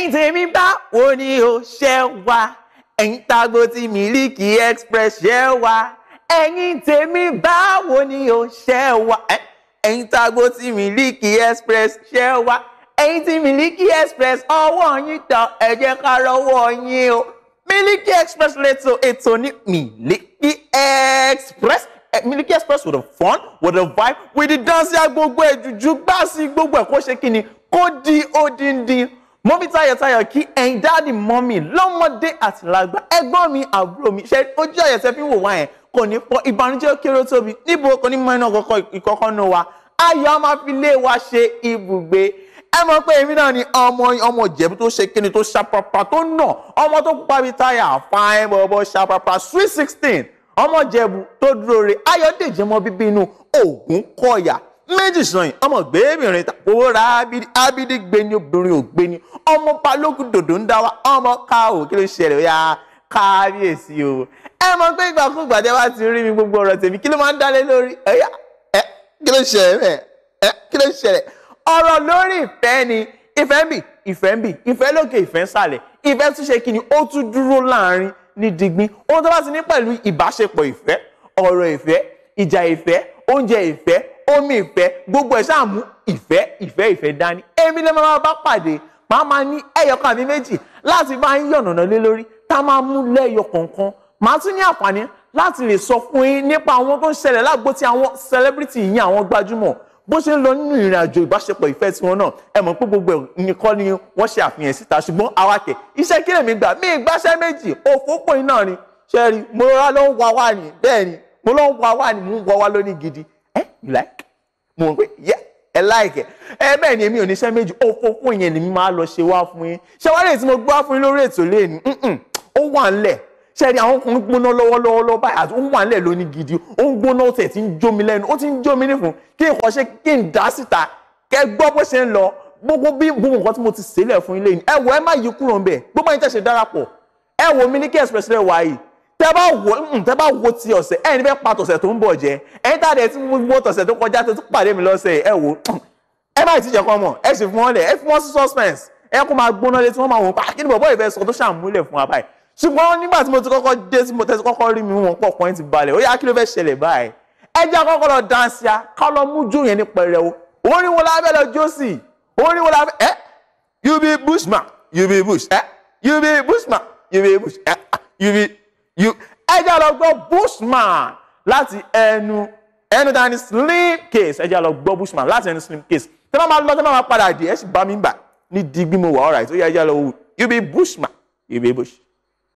ẹ̀yin tèmi bá wo ni o ṣẹ́ wá a tagbo ti Miliki Express ṣẹ́ wa. ẹ̀yin tèmi bá wo ni o ṣẹ́ wá a tagbo ti Miliki Express ṣẹ́ wa. ẹ̀yin ti Miliki Express ọwọ́ yín tán ẹ jẹ́ ká rọ́wọ́ yín o Miliki Express lẹ́tọ̀ ètò ní Miliki Express Miliki Express with the fun with the vibe with the dance ya gbogbo ẹ̀jújú gbà sí gbogbo ẹ̀ kó ṣe kí ni kó di odindi mo fi tayọ̀tayọ̀ kí ẹ̀yin dáàdì mọ́ mi lọ́mọdé àti lágbà ẹ̀gbọ́n mi àbúrò mi ṣe ojú àyẹ̀sẹ̀ fi wò wá yẹn kò ní pọ̀ ìbànújẹ́ ó kéré tóbi níbo kò ní mọ iná kọ́kọ́ ìkọ́kọ́ náà wa ayọ̀ a máa fi lé wa ṣe ibùgbé ẹ mọ̀ pé èmi náà ni ọmọ ọmọ Ìjẹ̀bú tó ṣe kíni tó ṣapapa tó nà ọmọ tó pupa bíi táyà fáin bọ̀bọ̀ ṣapapa sweet sixteen ọmọ Ìjẹ̀bú tó dúró re Ayọ̀dèjì mọ bíbí inú Ògúnkọ̀yà méjì sọyìn ọmọ gbẹ́bìnrin tàkówó ra ábídí gbéni obìnrin ò gbéni ọmọ balógun dòdò ń dá wa ọmọ ká ò kí ló ṣẹlẹ̀ ó yá kábíyèsí o ẹ mọ̀ pé ìgbàkúgbà tẹ bá ti rí mi gbogbo ọ̀rọ̀ tèmi kí ló máa ń dálé lórí ó yá ẹ kí ló ṣẹlẹ̀ ẹ kí ló ṣẹlẹ̀ ọ̀rọ̀ lórí ìfẹ́ ni ìfẹ́ ń bì ìfẹ́ ń bì ìfẹ́ lókè ìfẹ́ ń sàlẹ̀ ìfẹ́ tún ṣe kí ni ó tún dúró láàrin ní digbín ohun tó bá ti ní pẹ̀lú ìbáṣepọ̀ ìfẹ́ ọ̀rọ̀ ìfẹ́ ìjà ìfẹ́ oúnjẹ ìfẹ́ omi ìfẹ́ gbogbo ẹ̀ sáà mú ìfẹ́ ìfẹ́ ìfẹ́ dání èmi lè máa bá pàdé màá máa ní ẹyọkàn mi méjì láti bá ń yànnàná lé lórí tá a máa mú lẹ́yọ kọ̀ọ̀kan màá tún ní àǹfààní láti lè sọ fún yín nípa àwọn tó ń ṣẹlẹ̀ lágbo ti àwọn celebrity yín àwọn gbajúmọ̀ bó ṣe ń lọ nínú ìrìn àjò ìbáṣepọ̀ ìfẹ́ tiwọn náà ẹ mọ̀ pé gbogbo nìkan ni wọ́n ṣe àfihàn síta ṣùgbọ́n awakẹ̀ iṣẹ́ kí lèmi gbà mí ìgbàṣẹ́ méjì òfófó iná ni ṣẹ́ẹ̀rì mo rọra ló ń wá wá ni bẹ́ẹ̀ ni mo ló ń wá wá ni mo ń wá wá lóní gidi ẹ́ you like mo rò pé yẹ ẹ láìkẹ ẹ bẹ́ẹ̀ ni èmi ò ní iṣẹ́ méjì ó fọwọ́ yẹn ni mi máa lọ ṣe wá fún yín ṣé wàá lè tí mo gbọ́ fún yín lórí ètò lẹ́ẹ̀ni ó wà ńlẹ̀ ṣe rí àwọn ọkùnrin gbóná lọ́wọ́lọ́wọ́ lọ́wọ́ báyìí àti ó ń wà nílẹ̀ lónìí gidi ó ń gbóná ó tẹ̀ tí ń jómi lẹ́nu ó ti ń jómi nífun kí n kọ́ṣe kí n dá síta kẹ́ gbọ́ bó ṣe ń lọ gbogbo bí gbogbo nǹkan tí mo ti sílẹ̀ fún ilé ni ẹ wò ẹ má yí kúrò ń bẹ̀ gbogbo ẹ̀yin tẹ̀sẹ̀ darapọ̀ ẹ wò Miliki Express lẹ́wàá yìí tẹ bá wo mm, tẹ bá wo ti ọ̀sẹ̀ ẹ̀ ní fẹ́ pa tọ̀sẹ̀ tó ń bọ̀ jẹ ẹ̀yin tá a dẹ̀ tí mo tọ̀sẹ̀ tó kọjá tó pàdé mi lọ́sẹ̀ ẹ̀ wò mm. ẹ má ìtìjẹ́ kọ́ mọ̀ ẹ sì fún wọn lẹ̀ ẹ fún wọn sí suspense ẹ kó máa gbóná lé tí wọ́n máa wò pa ah, kí ni bọ̀bọ̀ ìfẹ́ sọ tó ṣàmúlẹ̀ fún wa báyìí ṣùgbọ́n nígbà tí mo ti kọ́kọ́ dé tí mo tẹ́sí kọ́kọ́ rí mi wọn pọ̀ pọ́ìn ti balẹ̀ ó yá kí ló fẹ́ ṣẹlẹ̀ báyìí ẹ jẹ́ kọ́kọ́ lọ dansia ká lọ mú jù yẹn ní pẹrẹwu òun ni wọn la fẹ́ lọ jósì òun ni wọn ẹ you be bushman you be bush ẹ you be bushman you be bush ẹ ah, you be you ẹja lọ gbọ́ bushman láti ẹnu ẹnu dání slim case ẹja lọ gbọ́ bushman láti ẹnu slim case tẹ bá máa lọ tẹ bá máa padà dé ẹ sì bá mi gbà ní digbí mo wà ọ̀rà ìtòyẹ ẹja lọ wù you be bushman you be bush.